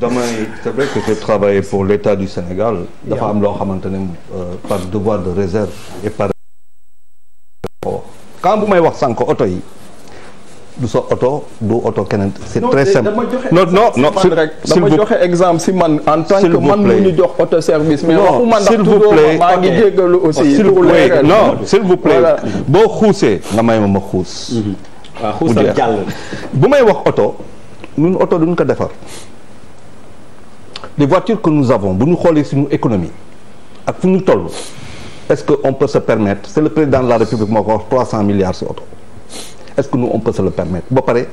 damay c'est vrai que j'ai travaillé pour l'État du Sénégal dafa am loo xamante ne euh, par devoir de réserve et par bu may wax sànq oto yi du sa oto du oto keneen c'est très simple non non non exemple si man en tant man mu ñu jox auto service mais waxu man s'il vous plaît maa ngi jéggalu oh, aussi s'il vous plaît non boo xuusee nga may ma ma xuus mhm. waaw bu may wax oto ñun oto duñ ko defar les voitures que nous avons bu ñu xoolee suñu économie ak fu ñu toll est-ce que on peut se permettre c'est le président de la république moo ko wax trois cent milliards si oto est-ce que nous ba pare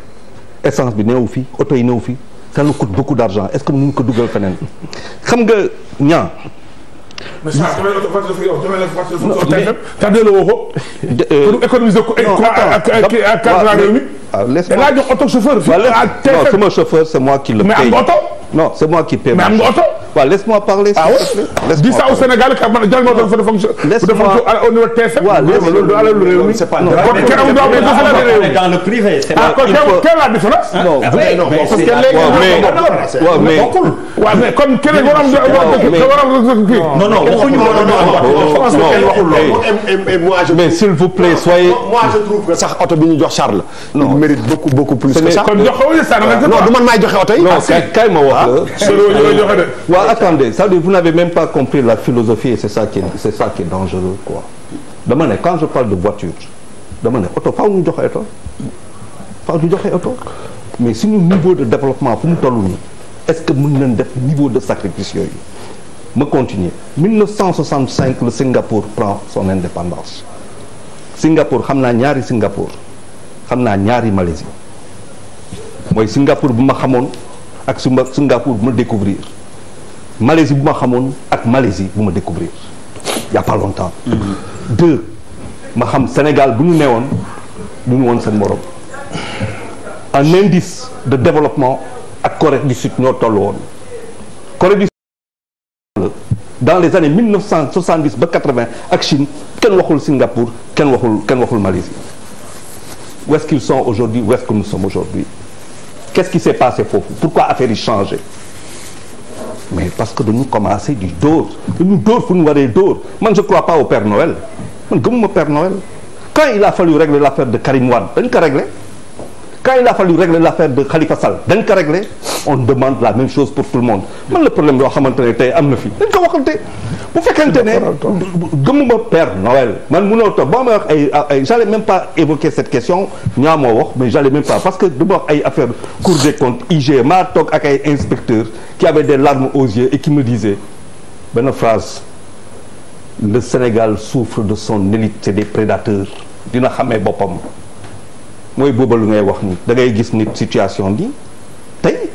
essence bi néew fii oto yi néew fii ça nous coûte beaucoup d'argent est-ce que nu ñu ko dugal feneen xam nga ñaa mais ça damay la euh, économiser ko ak chauffeur. chauffeur c'est moi qui le paye. mais non c'est moi qui paie. mais waaw laisse-moi parler. ah oui dis ça au Sénégal car man jàll ma doon fa fonction. laisse-moi au niveau TFM. waaw loolu alalu réew mi. c'est pas non kon kenn amul doon dafa la réew mi dans le privé. c'est ah kon quelle la différence. non non parce que léegi. waaw mais waaw mais comme keneen war am war am kii. non non waxuñu waxul mais s'il vous plaît soyez. moi je trouve que sax oto bi ñu jox Charles. non il mérite beaucoup beaucoup plus que ça. kon jox ko non du man maay joxe oto yi. non kay kay ma wax la. attendez ça veut dire vous n'avez même pas compris la philosophie et c'est ça qui est dangereux quoi dama ne quand je parle de voiture dama ne oto faaw ñu joxe oto faaw ñu joxe oto mais suñu niveau de développement fu mu toll nii est-ce que mën nañ def niveau de sacrifice yooyu ma continuer 1965 le Singapour prend son indépendance Singapour xam naa ñaari Singapour xam naa ñaari Malaisie mooy Singapour bu ma xamoon ak suma Singapour bu ma découvrir Malaisie bu ma xamoon ak Malaisie bu ma découvrir il y a pas longtemps. deux ma xam Sénégal bu ñu newoon du ñu woon seen morom un indice de développement ak Corée du Sud ñoo toll woon Corée du Sud dans les années 1970 ba 80 ak Chine kenn waxul Singapour kenn waxul kenn waxul Malaisie où est-ce qu'ils sont aujourd'hui où est-ce que nous sommes aujourd'hui qu'est-ce qui s'est passé foofu pourquoi affaire yi changé mais parce que dañu commencé di dóor dañu dóor fu ñu waree dóor man je crois pas au Père Noël man gëmuma Père Noël quand il a fallu régler l'affaire de Karim Wade dañ ko régler quand il a fallu régler l'affaire de Khalifa Sall dañ ko régler on demande la même chose pour tout le monde man la problème yoo xamante ne tey am na fi dañ ko waxante bu fekkente ne gëmuma Père Noël man mënoo toog boo may wax ay ay j'allais même pas évoquer cette question ñaa moo wax mais j'allais même pas parce que du ma wax ay affaire Cour des comptes IG maa toog ak ay inspecteurs qui avaient des larmes aux yeux et qui me disaient benn phrase le Sénégal souffre de son élite c'est des prédateurs dina xamee boppam mooy booba lu ngay wax ni da ngay gis nit situation bi tey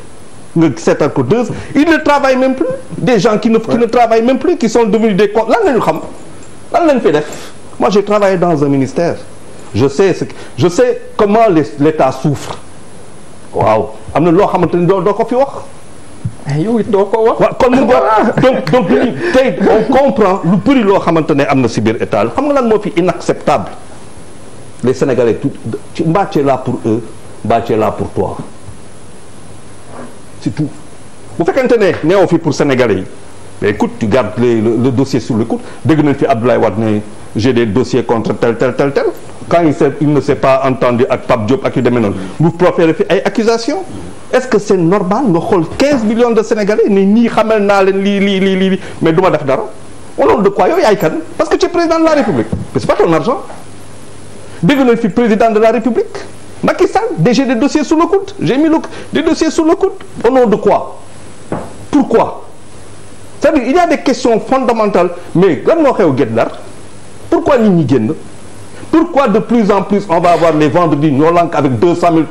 nga seetal ko deux ils ne travaillent même plus des gens qui ne qui ne travaillent même plus qui sont devenus des co lan lañu xam lan lañ fi def moi j'ai travaillé dans un ministère je sais ce que je sais comment l'État souffre waaw am na loo xamante ni doo doo ko fi wax eh, yow it doo ko wax waaw kon mu donc lu bëri loo xamante ne am na si biir état xam nga lan moo fi inacceptable les Sénégalais tout mbaa tu es là pour eux mbaa tu es là pour toi c'est tout bu fekkente ne neewoo fi pour Sénégalais yi mais écoute tu gardes le, le, le dossier sous le coude dégg nañ fi Abdoulaye Wade ne j'ai des dossiers contre tel tel tel tel quand il s'est il ne s'est pas entendu ak Pape Diop ak yu demee noonu mu proféré fi ay accusations est-ce que c'est normal nga xool 15 millions de Sénégalais ne nii xamal naa leen lii lii lii mais du ma def dara au de quoi yow yaay kan parce que tu président de la République mais c'est dégg nañ fi président de la république Macky Sall déjà des dossiers sous le coude j'ai mis le dossiers sous le coude au nom de quoi pourquoi c'est-à-dire il y a des questions fondamentales mais lan moo xew Guet Ndar pourquoi nit ñi génn pourquoi de plus en plus on va avoir les vendredis ñoo lank avec 200 000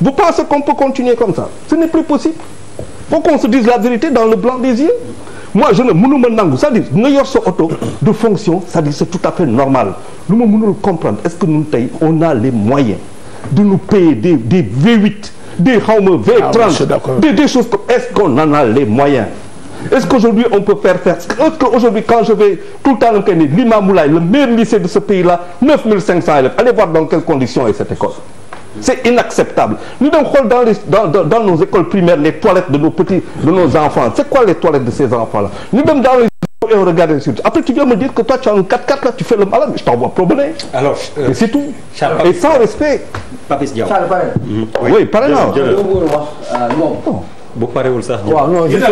vous pensez qu'on peut continuer comme ça ce n'est plus possible faut qu'on se dise la vérité dans le blanc des yeux moi je ne mënuma nangu c'est-à-dire nga yor sa oto de fonction c'est-à-dire c'est tout à fait normal lu ma mënul comprendre est-ce que ñun tey on a les moyens de nous payer des des V8 des xawma V30 ah, des des choses comme est-ce qu'on en a les moyens est-ce qu'aujourd'hui on peut faire faire qu'aujourd'hui quand je vais tout le temps dama le meilleur lycée de ce pays là 9500 allez voir dans quelles conditions est cette école c'est inacceptable ñu dem xool dans les dans, nos écoles primaires les toilettes de nos petits de nos enfants c'est quoi les toilettes de ces enfants là ñu dem dans les et après tu me dire que toi tu as un là tu le malade je t'envoie promener. alors mais euh, c'est et sans respect. oui pare euh, naa. bu parewul sax. waaw non je sais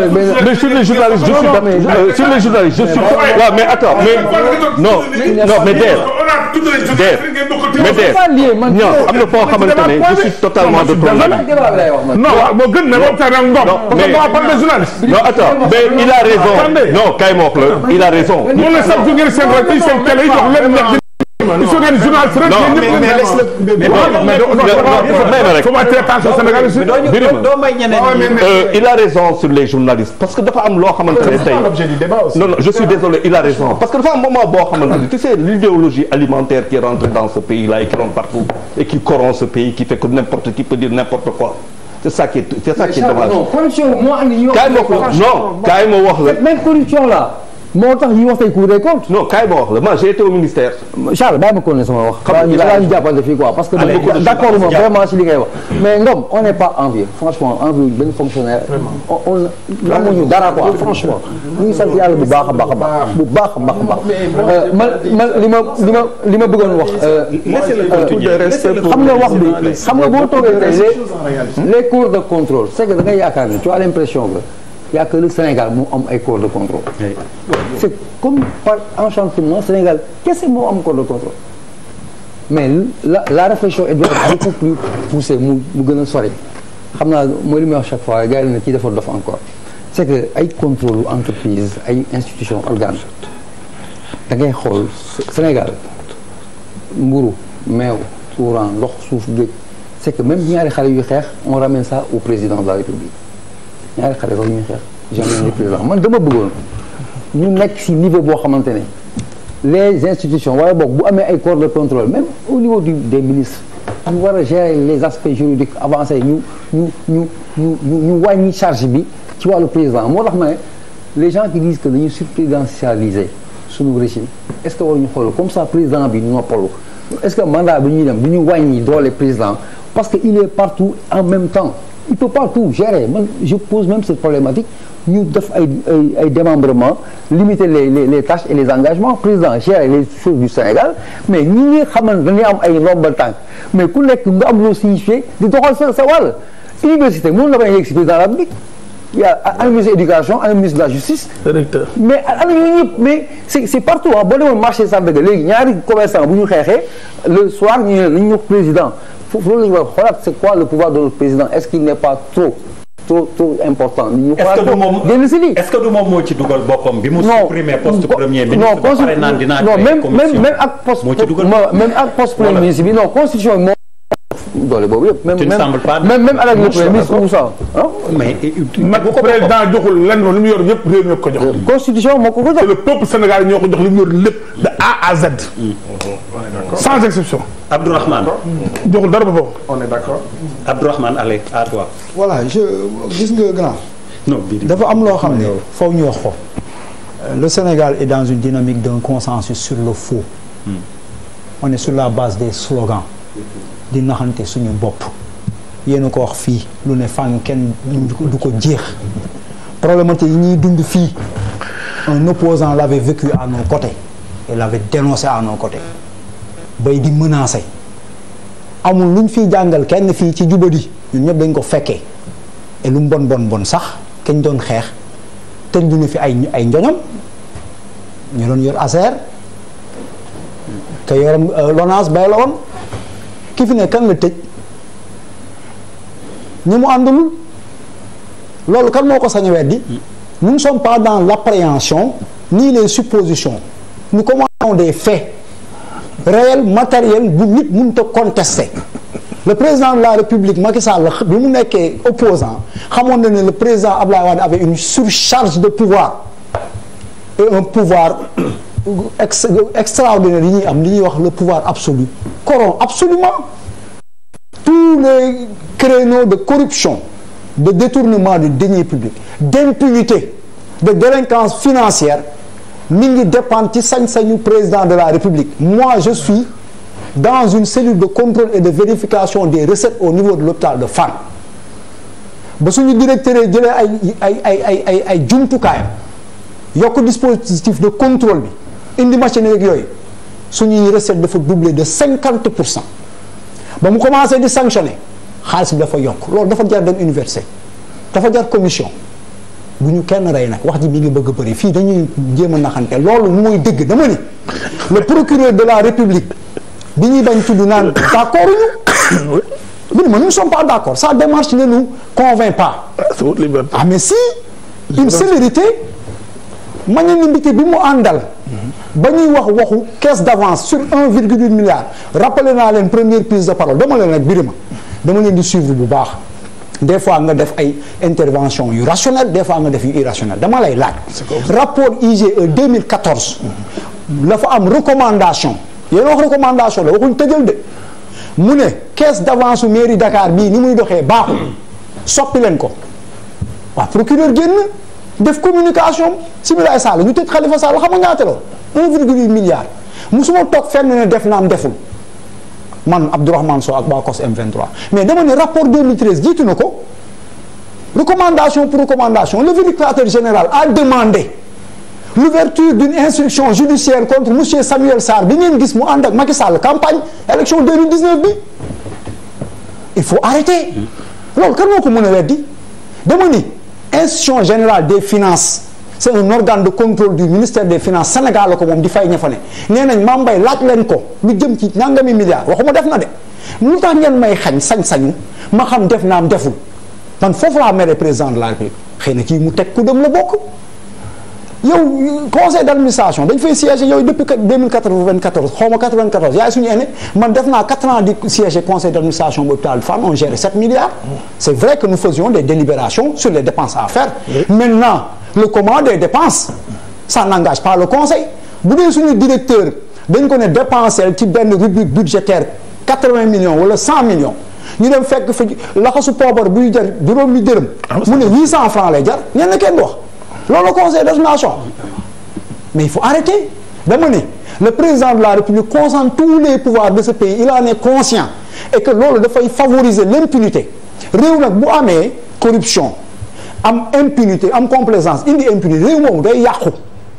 mais sur les journalistes je suis euh, sur les journalistes je suis. waaw mais attends mais non mais der der mais der ñoom am na foo xamante ne je suis totalement de ton avis. non moo gën mais non attends mais il a raison. non kay ma wax la il a raison. il faut ngeen journal frais mais mais mais il a raison sur les journalistes parce que dafa am loo xamante ne tey non non je suis désolé il a raison parce que dafa am moment boo xamante ne tu sais l'idéologie alimentaire qui est rentrée dans ce pays là et qui rentre partout et qui corrompt ce pays qui fait que n'importe qui peut dire n'importe quoi c'est ça qui est c'est ça qui est dommage. non corruption moo andi ñoo. kaay ma wax la. même corruption là. moo tax ñuy wax tey Cour des comptes. non kaay ma wax la man j' ko ñu jàppante fii quoi parce que. d' accord vraiment si li ngay wax. mais Ngom on n' est pas envieux franchement envieux benn fonctionnaire. vraiment on on dara quoi franchement. ñu ngi sant yàlla bu baax a baax a baax bu baax a a baax. Euh, li ma li ma li ma bëggoon wax. Euh, euh, xam nga wax bi xam nga boo toogee tey les cours de contrôle c' est que da ngay yaakaar que. y a que Sénégal moo am ay corps de contrôle c'est comme par enchantement Sénégal kese moo am corps de contrôle mais la la réflexion elle doit beaucoup plus poussée mu mu gën a sori xam naa mooy li may wax chaque fois gars yi ne kii dafa dof encore c'est que ay contrôle entreprise ay institution organe da ngay xool Sénégal mburu meew courant ndox suuf géej c'est que même ñaari xale yu xeex on ramène ça président de la République ñaari xale boobu président man dama bëggoon ñu nekk si niveau boo xamante ne les institutions waaye boog bu amee ay corps de contrôle même au niveau du des ministres ñu war a gérer les aspects juridiques avancés ñu ñu ñu ñu ñu wàññi charge bi ci wàllu président moo tax ma ne les gens qui disent que dañu surprésidentialiser suñu régime est-ce que waruñu xool comme ça président bi noppalu est-ce que mandat bi ñuy dem du ñu wàññi doole président parce que il est partout en même temps il peut pas tout gérer man je pose même cette problématique ñu def ay ay ay démembrement limiter les les les tâches et les engagements président gérer les choses du Sénégal mais ñi ngi xamante dañuy am ay ndombal mais ku nekk nga am loo signifié di doxal sa sa wàll université mën na bañ si de la a un ministre de l'éducation un ministre justice. mais ana ñooñu ñëpp mais c'est c'est partout ah boo marché Sandaga léegi ñaari commerçant bu ñu xeexee le soir ñu ne la ñu président. foofu loolu la ñu war a xoolaat c'est quoi le président est qu'il n'est pas trop trop important. ñu xoolaat ko que du moom moo ci dugal boppam. bi mu supprimer poste premier non même même même ak poste. non constitution bi doole boobu yëpp le premier ministre ou ko président joxul lenn lu mu yor yëpp réew mi ko jox. constitution moo ko ko A Z. Hmm. sans exception. Abdourahmane. dara boppam. on voilà gis nga dafa am loo xam ne foofu ñu wax ko. Euh, le Sénégal est dans une dynamique d'un consensus sur le faux. Hmm. on est sur la base des slogans. di naxante suñu bopp. yéen ko wax fii lu ne fàng kenn du ko jeex. problématique yi ñuy dund fii. un opposant l'avait vécu à nos côtés et l'avait dénoncé à nos côtés. bay di mënaase amul luñ fiy jàngal kenn fii ci jubadi ñun ñëpp dañ ko fekkee et lu mu bon bon bon sax kañ doon xeex tëj ñu fi ay ay njoñam ñu doon yor ASER te yorom euh, LONASE bay la woon ki fi ne kan la tëj ñi mu àndul loolu kan moo ko sañ a weddi nous ne sommes pas dans l'appréhension ni les suppositions nous commentons des faits réel matériel bu nit mënut a contester le président de la république Macky Sall bi mu nekkee opposant xamoon na ne le président Abdoulaye Wade avait une surcharge de pouvoir et un pouvoir ex extraordinaire yi am li ñuy wax le pouvoir absolu corrompt absolument tous les créneaux de corruption de détournement de deniers publics d'impunité de délinquance financière mi ngi dépendre ci sañ-sañu président de la république moi je suis dans une cellule de contrôle et de vérification des recettes au niveau de l'hôpital de Fann ba suñu directeur jëlee ay ay ay ay ay ay jumtukaayam yokk dispositif de contrôle bi indi machine yeeg yooyu suñuy recette dafa doublé de cinquante pour cent ba mu commencé di sanctionner xaalis bi dafa yokk loolu dafa jar dem université dafa jar commission bu ñu kenn rey nag wax ji mi ngi bëgg a bëri fii dañuy jéem a naxante loolu mooy dëgg dama ni le procureur de la république bi ñuy bañ tudd naan d'accord ñu bi ma nous ne sommes pas d'accord sa démarche ne nous convainc pas ah mais si une célérité magnanimité bi mu àndal ba ñuy wax waxu caisse d'avance sur 1,8 milliard rappelé naa leen première prise de parole dama leen nag birima dama leen di suivre bu baax des fois nga def ay intervention yu rationnel des fois nga def yu irrationnel dama lay laaj rapport IGE 2014 la fa am recommandation yéen wax recommandation la waxuñ tëjal de mu ne caisse d'avance su mairie Dakar bii ni muy doxee baaxul soppi leen ko waa procureur génn def communication Sibila Sall ñu tëj Khalifa Sall xam nga ñaata la 1,8 milliard musuma toog fenn ne def naam deful man Abdourahmane Sow ak waa COS M23 mais dama ne rapport 2013 jiitu na ko recommandation pour recommandation le vérificateur général a demandé l'ouverture d'une instruction judiciaire contre monsieur Samuel Sarr bi ngeen gis mu ànd ak Macky Sall campagne élection 2019 bi il faut arrêter loolu kan moo ko mën a weddi dama ni instruction générale des finances c'est un organe de contrôle du ministère des finances Sénégal la ko moom di fay ña fa ne nee laaj leen ko lu jëm ci nangami milliards waxuma def na de lu tax ngeen may xañ sañ-sañu ma xam def naam deful man foofu laa mere président de la République xëy na kii mu teg ku dem la bokk yow conseil d'administration dañ fay siège yow depuis 2094 xaw c'est vrai que nous faisions des délibérations sur les dépenses à faire le commandement des dépenses ça n'engage pas le conseil bu dee suñu directeur dañ ko ne dépensel ci benn rubrique budgétaire quatre-vingts millions wala cent millions ñu dem fekk fi laxasu poobar buy jar juróomi dërëm ah mu ne huit cent francs lay jar ñenn kenn du wax loolu conseil d'administration mais il faut arrêter dama ne le président de la république concentre tous les pouvoirs de ce pays il en est conscient et que loolu dafay favoriser l'impunité réew nag bu amee corruption am impunité am complaisance indi impunité réew moom day yàqu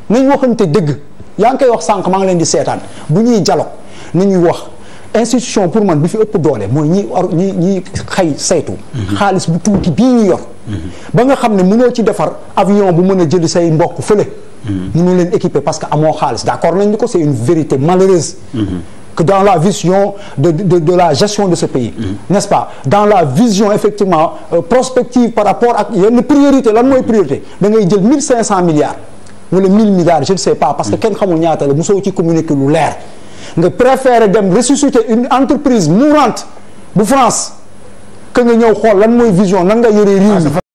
nañ waxante dëgg yaa ngi koy wax sànq maa ngi leen di seetaan bu ñuy dialogue nañuy wax institution pour man bi fi ëpp doole mooy ñi or ñi ñi xay saytu mhm. xaalis bu tuuti bii ñu yor mhm. ba nga xam ne mënoo ci defar avion bu mën a jëli say mbokk fële mhm. mënoo leen équiper parce que amoo xaalis d'accord nañ ni ko c'est une vérité malheureuse que dans la vision de de, de la gestion de ce pays mmh. n'est-ce pas dans la vision effectivement euh, prospective par rapport ak yenn priorité lan mooy priorité da ngay jël milliards wala milliards je ne sais pas parce que mhm. kenn xamul ñaata la mosoo ci communiquer lu leer nga préférer dem ressusciter une entreprise mourante bu France que nga ñëw xool lan mooy vision nan nga yore réew